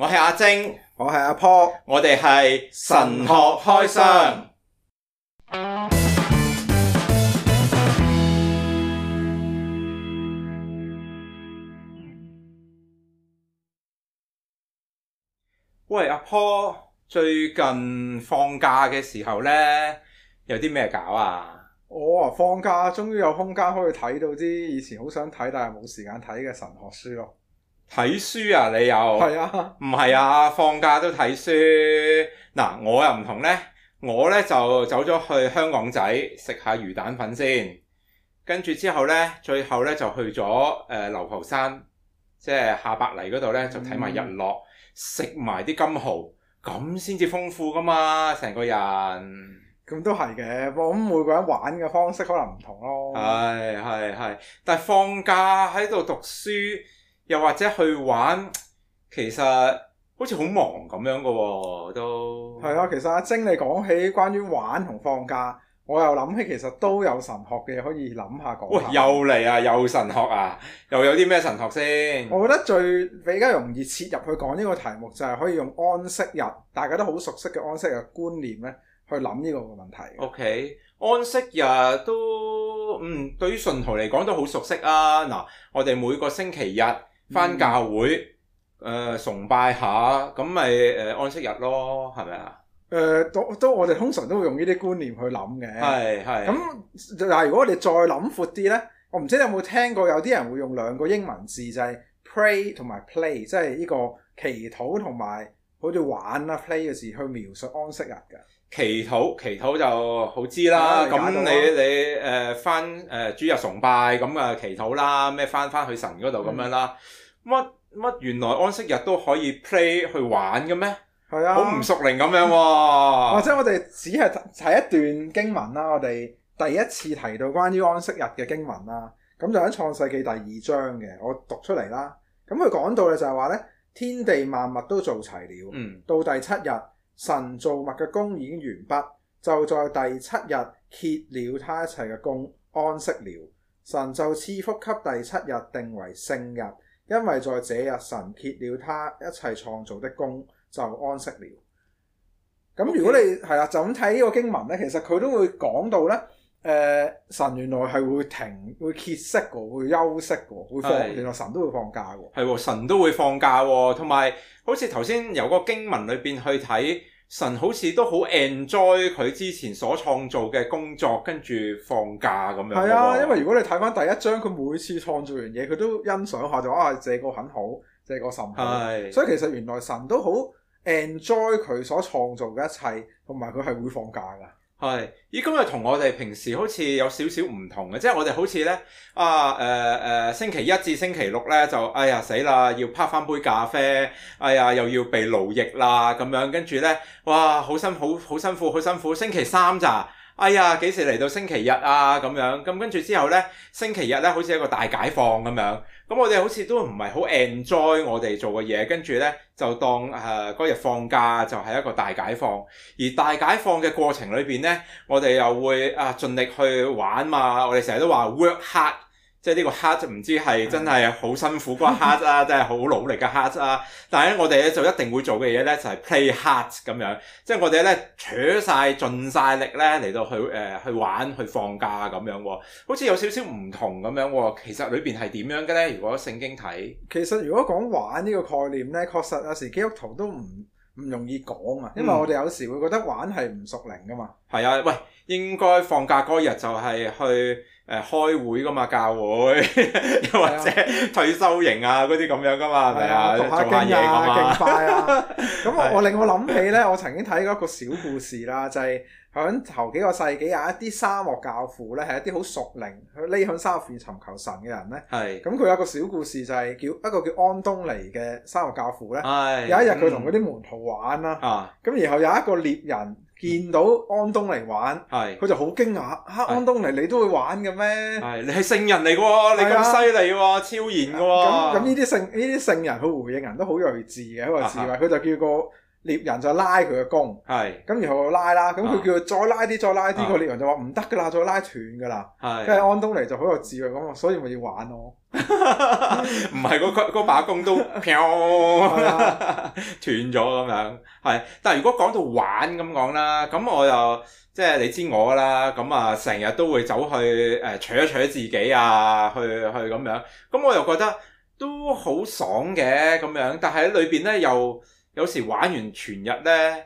我係阿晶，我係阿坡，我哋係神學開箱。喂，阿坡，最近放假嘅時候呢，有啲咩搞啊？我啊、哦、放假，終於有空間可以睇到啲以前好想睇但係冇時間睇嘅神學書咯。睇書 mile 啊！你又係啊，唔係啊，放假都睇書嗱。我又唔同呢。我呢就走咗去香港仔食下魚蛋粉先，跟住之後呢，最後呢就去咗誒流浮山，即係下白泥嗰度呢，就睇埋日落，食埋啲金蠔，咁先至豐富㗎嘛，成個人。咁都係嘅，我諗每個人玩嘅方式可能唔同咯。係係係，但放假喺度讀書，又或者去玩，其實好似好忙咁樣嘅喎，都係啊！其實阿晶你講起關於玩同放假，我又諗起其實都有神學嘅可以諗下講下。喂，又嚟啊！又神學啊！又有啲咩神學先？我覺得最比較容易切入去講呢個題目，就係可以用安息日，大家都好熟悉嘅安息日觀念咧，去諗呢個問題。OK，安息日都嗯，對於信徒嚟講都好熟悉啊！嗱，我哋每個星期日。翻教會，誒、呃、崇拜下，咁咪誒安息日咯，係咪啊？誒、呃、都都，我哋通常都會用呢啲觀念去諗嘅。係係。咁嗱，但係如果我哋再諗闊啲咧，我唔知你有冇聽過有啲人會用兩個英文字，就係、是、pray 同埋 play，即係呢個祈禱同埋好似玩啊 play 嘅字去描述安息日嘅。祈禱祈禱就好知啦。咁你然你誒返誒主日崇拜咁啊祈禱啦，咩返返去神嗰度咁樣啦。乜乜原來安息日都可以 play 去玩嘅咩？係啊，好唔屬靈咁樣喎、啊嗯。或者我哋只係睇一段經文啦。我哋第一次提到關於安息日嘅經文啦。咁就喺創世記第二章嘅，我讀出嚟啦。咁佢講到嘅就係話呢天地萬物都做齊了，嗯、到第七日。神造物嘅工已經完畢，就在第七日歇了他一切嘅工，安息了。神就賜福給第七日，定為聖日，因為在這日神歇了他一切創造的工，就安息了。咁如果你係啦 Okay.，就咁睇呢個經文呢，其實佢都會講到呢。誒、呃，神原來係會停、會歇息嘅，會休息嘅，會放。的原來神都會放假嘅。係，神都會放假。同埋，好似頭先由個經文裏邊去睇，神好似都好 enjoy 佢之前所創造嘅工作，跟住放假咁的樣。係啊，因為如果你睇翻第一章，佢每次創造完嘢，佢都欣賞下就啊，這個很好，這個甚好。係的。所以其實原來神都好 enjoy 佢所創造嘅一切，同埋佢係會放假噶。係，咦今日同我哋平時好似有少少唔同嘅，即係我哋好似咧啊誒誒、呃，星期一至星期六咧就哎呀死啦，要拍翻杯咖啡，哎呀又要被奴役啦咁樣，跟住咧哇好辛苦好辛苦好辛苦，星期三咋？哎呀，幾時嚟到星期日啊？咁樣咁跟住之後呢，星期日呢，好似一個大解放咁樣。咁我哋好似都唔係好 enjoy 我哋做嘅嘢，跟住呢，就當誒嗰日放假就係一個大解放。而大解放嘅過程裏邊呢，我哋又會啊盡力去玩嘛。我哋成日都話 work hard。即係呢個 hard，唔知係真係好辛苦嗰個 hard 啊， 真係好努力嘅 hard 啊！但係咧，我哋咧就一定會做嘅嘢咧，就係、是、play hard 咁樣。即係我哋咧，攞晒盡晒力咧嚟到去誒、呃、去玩去放假咁樣喎。好似有少少唔同咁樣喎。其實裏邊係點樣嘅咧？如果聖經睇，其實如果講玩呢個概念咧，確實有時基督徒都唔唔容易講啊，因為我哋有時會覺得玩係唔屬靈噶嘛。係啊、嗯，喂、嗯，應該放假嗰日就係去。誒開會噶嘛，教會又或者退修營啊，嗰啲咁樣噶嘛，係 啊，啊做下嘢噶嘛。咁、 啊、我令 我諗 起咧，我曾經睇過一個小故事啦，就係、是。響頭幾個世紀啊，有一啲沙漠教父呢係一啲好屬靈，佢匿響沙漠裏尋求神嘅人呢係。咁佢是有個小故事就係、是、叫一個叫安東尼嘅沙漠教父呢係。是有一日佢同嗰啲門徒玩啦。咁、嗯、然後有一個獵人見到安東尼玩。係、嗯。佢就好驚訝，嚇是、啊！安東尼你都會玩嘅咩？係。你係聖人嚟㗎喎，你咁犀利喎，啊、超然喎、啊。咁咁呢啲聖呢啲聖人，佢回應人都好睿智嘅，好話是咪？佢、啊、就叫個。獵人就拉佢嘅弓，咁是然後拉啦，咁佢、啊、叫佢再拉啲，再拉啲，個獵、啊、人就話唔得噶啦，再拉斷噶啦，跟住是安東尼就好有智慧咁，所以咪要玩咯。唔係個把弓都斷咗咁樣，係。但係如果講到玩咁講啦，咁我又即係你知我啦，咁啊成日都會走去誒扯、呃、一扯自己啊，去去咁樣，咁我又覺得都好爽嘅咁樣，但係喺裏邊咧又。又又有時玩完全日呢，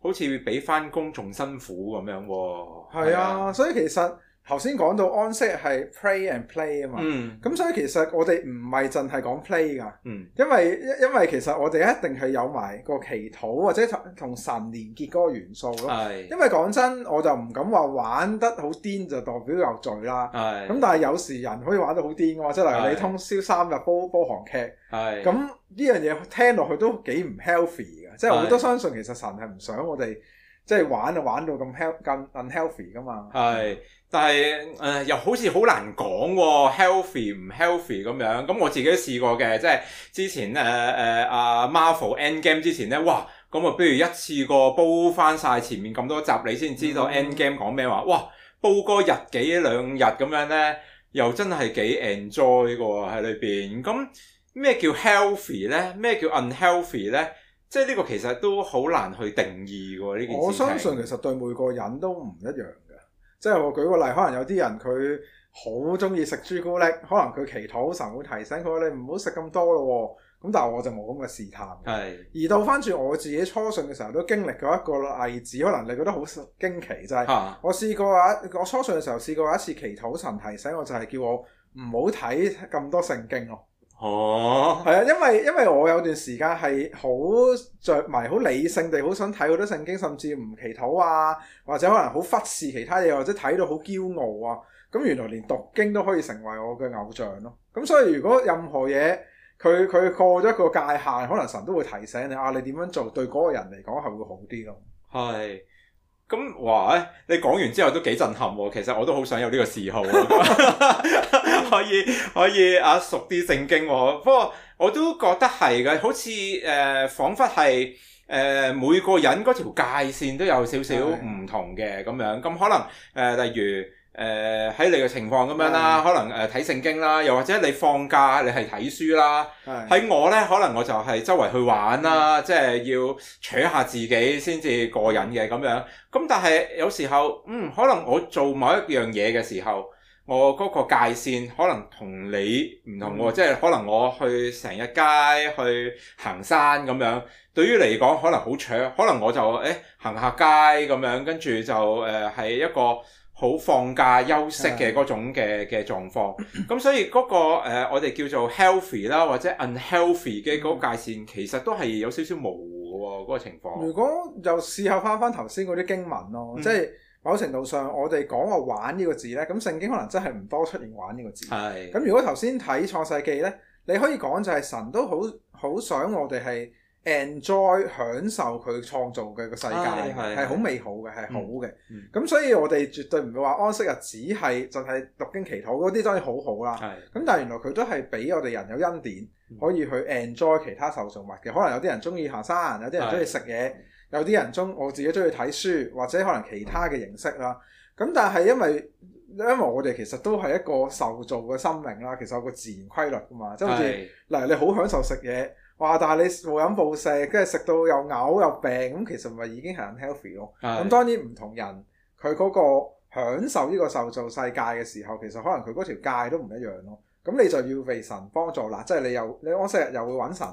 好似比返工仲辛苦咁樣喎、哦。係啊，吧所以其實。頭先講到安息係 pray and play 啊嘛，咁、嗯、所以其實我哋唔係淨係講 play 噶，嗯、因為因為其實我哋一定係有埋個祈禱或者同神連結嗰個元素咯。是因為講真，我就唔敢話玩得好癲就代表有罪啦。咁是但係有時人可以玩得好癲噶，即係例如你通宵三日煲煲韓劇，咁呢是樣嘢聽落去都幾唔 healthy 嘅。是即係我都相信其實神係唔想我哋即係玩就玩到咁 unhealthy 噶嘛。是但係誒、呃，又好似好難講喎，healthy 唔 healthy 咁樣。咁我自己都試過嘅，即係之前誒誒阿 Marvel Endgame 之前咧，哇！咁啊，不如一次過煲翻晒前面咁多集，你先知道 Endgame 講咩話。哇！煲個日幾兩日咁樣咧，又真係幾 enjoy 㗎喺裏邊。咁咩叫 healthy 咧？咩叫 unhealthy 咧 un？即係呢個其實都好難去定義喎。呢件事我相信其實對每個人都唔一樣。即係我舉個例，可能有啲人佢好中意食朱古力，可能佢祈禱神會提醒佢，你唔好食咁多咯喎、哦。咁但係我就冇咁嘅試探。係的。而到翻轉我自己初信嘅時候，都經歷過一個例子，可能你覺得好驚奇，就係、是、我試過啊的，我初信嘅時候試過一次祈禱神提醒我，就係、是、叫我唔好睇咁多聖經咯。哦，係啊，oh.，因為因為我有段時間係好着迷、好理性地好想睇好多聖經，甚至唔祈禱啊，或者可能好忽視其他嘢，或者睇到好驕傲啊。咁原來連讀經都可以成為我嘅偶像咯。咁所以如果任何嘢，佢佢過咗一個界限，可能神都會提醒你啊，你點樣做對嗰個人嚟講係會好啲咯。係。Oh. 咁話咧，你講完之後都幾震撼喎！其實我都好想有呢個嗜好， 可以可以啊熟啲聖經喎、哦。不過我都覺得係嘅，好似誒、呃，彷彿係誒、呃、每個人嗰條界線都有少少唔同嘅咁對樣。咁可能誒、呃，例如。誒喺、呃、你嘅情況咁樣啦，嗯、可能誒睇聖經啦，又或者你放假你係睇書啦。喺、嗯、我呢，可能我就係周圍去玩啦，嗯、即係要搶下自己先至過癮嘅咁樣。咁但係有時候，嗯，可能我做某一樣嘢嘅時候，我嗰個界線可能同你唔同喎，嗯、即係可能我去成日街去行山咁樣。對於你嚟講，可能好搶，可能我就誒行下街咁樣，跟住就誒係、呃、一個。好放假休息嘅嗰種嘅嘅狀況，咁 所以嗰、嗰個、呃、我哋叫做 healthy 啦，或者 unhealthy 嘅嗰界線，嗯、其實都係有少少模糊嘅喎，嗰個情況。如果又試下翻翻頭先嗰啲經文咯，嗯、即係某程度上我哋講話玩呢個字呢，咁聖、嗯、經可能真係唔多出現玩呢個字。係咁是，如果頭先睇創世記呢，你可以講就係神都好好想我哋係。enjoy 享受佢創造嘅個世界係好，哎，美好嘅係好嘅。咁，嗯嗯、所以我哋絕對唔會話安息日只係就係讀經祈禱嗰啲，當然好好啦，咁是的 但係原來佢都係俾我哋人有恩典，嗯、可以去 enjoy 其他受造物嘅，可能有啲人中意行山，有啲人中意食嘢，有啲人中我自己中意睇書，或者可能其他嘅形式啦，咁是的 但係因為因為我哋其實都係一個受造嘅生命啦，其實有個自然規律㗎嘛，即係好似嗱，你好享受食嘢。哇！但係你暴飲暴食，跟住食到又嘔又病，咁其實咪已經係 unhealthy 咯。咁是的 當然唔同人，佢嗰個享受呢個受造世界嘅時候，其實可能佢嗰條界都唔一樣咯。咁你就要為神幫助啦，即係你又你安息日又會揾神，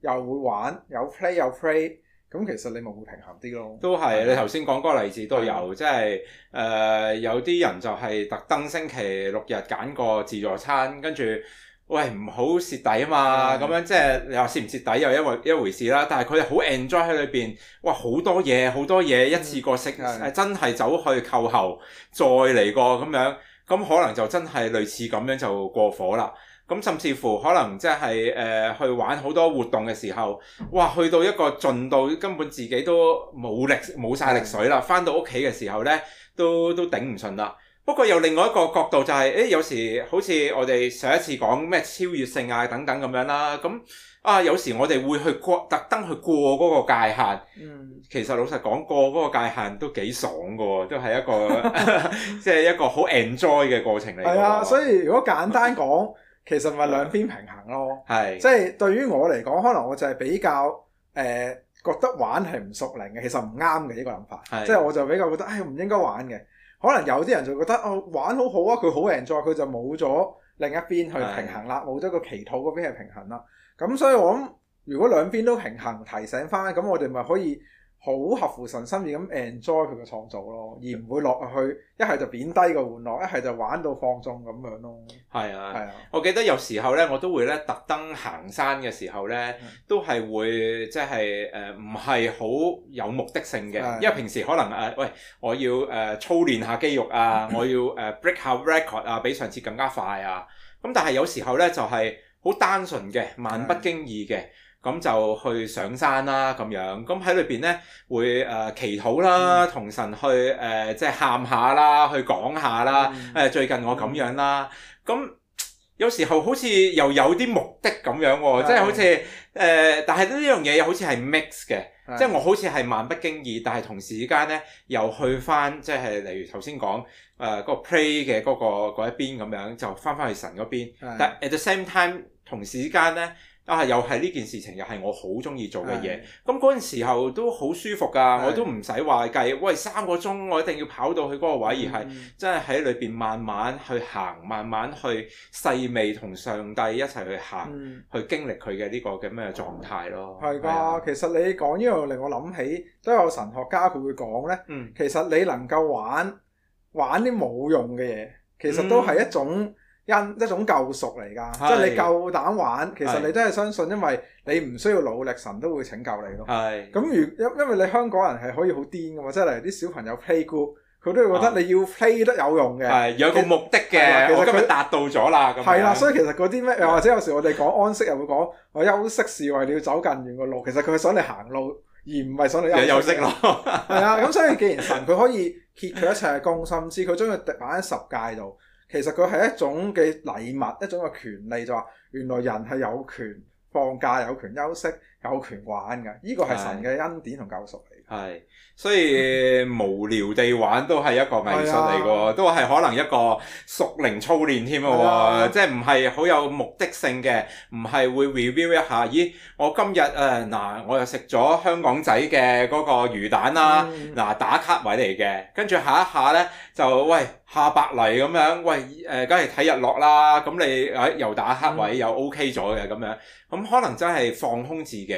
又會玩，有 play 有 pray，咁其實你咪會平衡啲咯。都係，你頭先講嗰個例子都有，是的 即係誒、呃、有啲人就係特登星期六日揀個自助餐，跟住。喂，唔好蝕底啊嘛！咁的樣即係你話蝕唔蝕底又一回一回事啦。但係佢哋好 enjoy 喺裏邊，哇！好多嘢，好多嘢一次過食，的真係走去扣喉，再嚟過咁樣，咁可能就真係類似咁樣就過火啦。咁甚至乎可能即係誒去玩好多活動嘅時候，哇！去到一個盡度，根本自己都冇力冇晒力水啦，翻的到屋企嘅時候咧都都，都頂唔順啦。不過又另外一個角度就係、是，誒有時好似我哋上一次講咩超越性啊等等咁樣啦、啊，咁、嗯、啊有時我哋會去過特登去過嗰個界限，嗯、其實老實講過嗰個界限都幾爽嘅，都係一個即係 一個好 enjoy 嘅過程嚟。係啊，所以如果簡單講，其實咪兩邊平衡咯。係、啊。即係對於我嚟講，可能我就係比較誒、呃、覺得玩係唔屬靈嘅，其實唔啱嘅呢個諗法。即係是我就比較覺得，唉、哎、唔應該玩嘅。可能有啲人就覺得，哦，玩好好啊，佢好 enjoy，佢就冇咗另一邊去平衡啦，冇咗個祈禱嗰邊去平衡啦。咁所以我諗如果兩邊都平衡，提醒翻咁我哋咪可以。好合乎神心意咁 enjoy 佢嘅創造咯，而唔會落去一係就貶低個玩樂，一係就玩到放縱咁樣咯。係啊，係啊。我記得有時候咧，我都會咧特登行山嘅時候咧，都係會即係誒唔係好有目的性嘅，啊、因為平時可能誒喂、呃、我要誒、呃、操練下肌肉啊， 我要誒、呃、break 下 record 啊，比上次更加快啊。咁但係有時候咧就係、是、好單純嘅，漫不經意嘅。咁就去上山啦，咁樣咁喺裏邊咧會誒、呃、祈禱啦，同神去誒、呃、即係喊下啦，去講下啦。誒、嗯呃、最近我咁樣啦，咁、嗯、有時候好似又有啲目的咁樣喎、哦，即係的好似誒、呃，但係呢樣嘢又好似係 mix 嘅，即係的我好似係漫不經意，但係同時間咧又去返即係例如頭先講誒嗰個 pray 嘅嗰、那個嗰一邊咁樣，就返返去神嗰邊。但係 at the same time，同時間咧。啊，又係呢件事情又係我好中意做嘅嘢。咁嗰陣時候都好舒服㗎，的我都唔使話計。喂，三個鐘我一定要跑到去嗰個位，嗯、而係真係喺裏邊慢慢去行，慢慢去細味同上帝一齊去行，嗯、去經歷佢嘅呢個咁嘅狀態咯。係㗎，其實你講呢樣令我諗起，都有神學家佢會講呢：嗯「其實你能夠玩玩啲冇用嘅嘢，其實都係一種、嗯。因一種救贖嚟㗎，即係是你夠膽玩，其實你都係相信，因為你唔需要努力神，神都會拯救你咯。係是。咁如因因為你香港人係可以好癲㗎嘛，即係啲小朋友 play good，佢都會覺得你要 play group、哦、得要 play 得有用嘅，有個目的嘅實，其實今佢達到咗啦。係啦、啊，所以其實嗰啲咩，又或者有時我哋講安息又會講， 我休息是為了要走更遠嘅路，其實佢係想你行路，而唔係想你休息咯。係 啊，咁所以既然神佢可以揭佢一齊去公心思，佢 將佢擺喺十誡度。其實佢係一種嘅禮物，一種嘅權利，就話、是、原來人係有權放假，有權休息。有權玩㗎，呢個係神嘅恩典同救贖嚟。係，所以無聊地玩都係一個藝術嚟嘅喎， 都係可能一個屬靈操練添嘅喎， 即係唔係好有目的性嘅，唔係會 review 一下，咦、哎，我今日啊嗱，我又食咗香港仔嘅嗰個魚蛋啦，嗱 打卡位嚟嘅，跟住下一下咧就喂下白泥咁樣，喂誒，梗係睇日落啦，咁你誒、呃、又打卡位 又 OK 咗嘅咁樣，咁、嗯嗯、可能真係放空自己。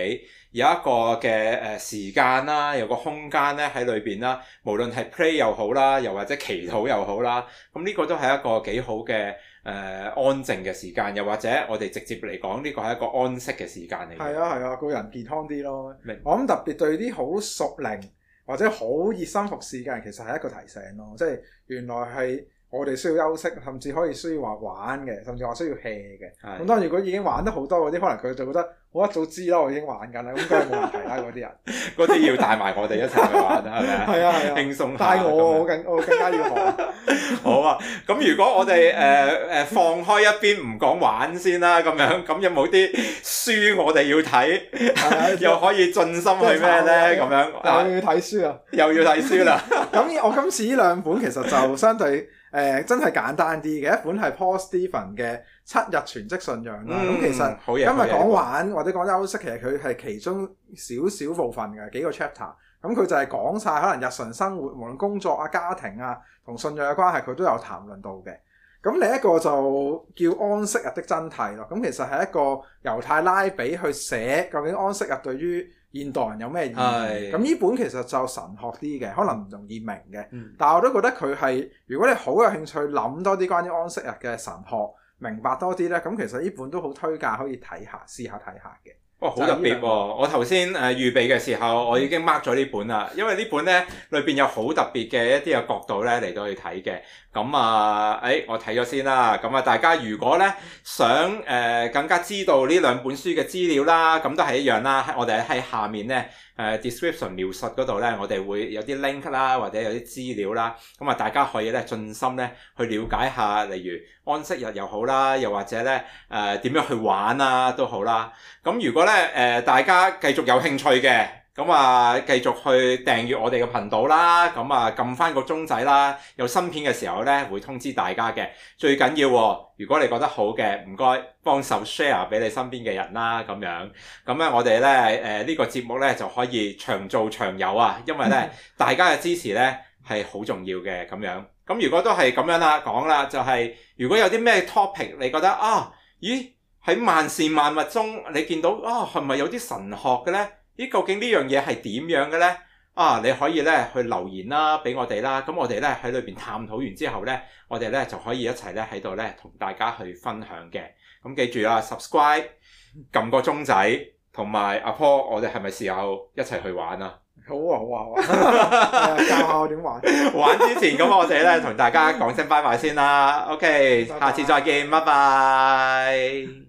有一個嘅誒時間啦，有個空間咧喺裏邊啦。無論係 play 又好啦，又或者祈禱又好啦，咁、這、呢個都係一個幾好嘅誒、呃、安靜嘅時間，又或者我哋直接嚟講，呢、這個係一個安息嘅時間嚟。係啊係啊，個人健康啲咯。明，是我諗特別對啲好屬靈或者好熱心服侍嘅人，其實係一個提醒咯，即係原來係。我哋需要休息，甚至可以需要話玩嘅，甚至話需要 hea 嘅。咁當然，的如果已經玩得好多嗰啲，可能佢就覺得好一早知啦，我已經玩緊啦，咁梗係冇問題啦。嗰啲 人，嗰啲 要帶埋我哋一齊去玩，係咪啊？係啊，輕鬆下。我，樣我，我更我更加要學。 好啊，咁如果我哋誒誒放開一邊唔講玩先啦，咁樣咁有冇啲書我哋要睇，的 又可以盡心去咩咧？咁樣我要睇書啊，又要睇書啦。咁 我今次呢兩本其實就相對。誒、呃、真係簡單啲嘅，一本係 Paul Stevens 嘅《七日全職信仰》啦、嗯。咁其實今日害講玩或者講休息，其實佢係其中少少部分嘅幾個 chapter、嗯。咁佢就係講晒可能日常生活，無論工作啊、家庭啊，同信仰嘅關係，佢都有談論到嘅。咁、嗯、另一個就叫安息日的真題咯。咁、嗯、其實係一個猶太拉比去寫，究竟安息日對於？現代人有咩意義？咁呢是本其實就神學啲嘅，可能唔容易明嘅。嗯、但係我都覺得佢係，如果你好有興趣諗多啲關於安息日嘅神學，明白多啲呢。咁其實呢本都好推介可以睇下，試下睇下嘅。哇，好、哦、特別喎、哦！我頭先誒預備嘅時候，我已經 mark 咗呢本啦，因為本呢本咧裏邊有好特別嘅一啲嘅角度咧嚟到去睇嘅。咁、嗯、啊、呃，誒我睇咗先啦。咁、嗯、啊，大家如果咧想誒、呃、更加知道呢兩本書嘅資料啦，咁都係一樣啦。我哋喺下面咧誒、呃、description 描述度咧，我哋會有啲 link 啦，或者有啲資料啦。咁、嗯、啊，大家可以咧盡心咧去了解下，例如安息日又好啦，又或者咧誒點樣去玩啊都好啦。咁如果咧～咧、呃、大家繼續有興趣嘅，咁啊繼續去訂閱我哋嘅頻道啦，咁啊撳翻個鐘仔啦，有新片嘅時候咧會通知大家嘅。最緊要，如果你覺得好嘅，唔該幫手 share 俾你身邊嘅人啦，咁樣。咁咧、啊、我哋咧誒呢、呃呢個節目咧就可以長做長有啊，因為咧、嗯、大家嘅支持咧係好重要嘅咁樣。咁如果都係咁樣啦，講啦，就係、係、如果有啲咩 topic 你覺得啊，咦？喺萬事萬物中，你見到啊，係咪有啲神學嘅咧？咦，究竟呢樣嘢係點樣嘅咧？啊，你可以咧去留言啦，俾我哋啦。咁我哋咧喺裏邊探討完之後咧，我哋咧就可以一齊咧喺度咧同大家去分享嘅。咁記住啦，subscribe，撳個鐘仔，同埋阿坡，我哋係咪時候一齊去玩啊，啊？好啊，好啊，好啊， 教下我點玩。玩之前咁，我哋咧同大家講聲拜拜先啦。OK，拜拜，下次再見，拜拜。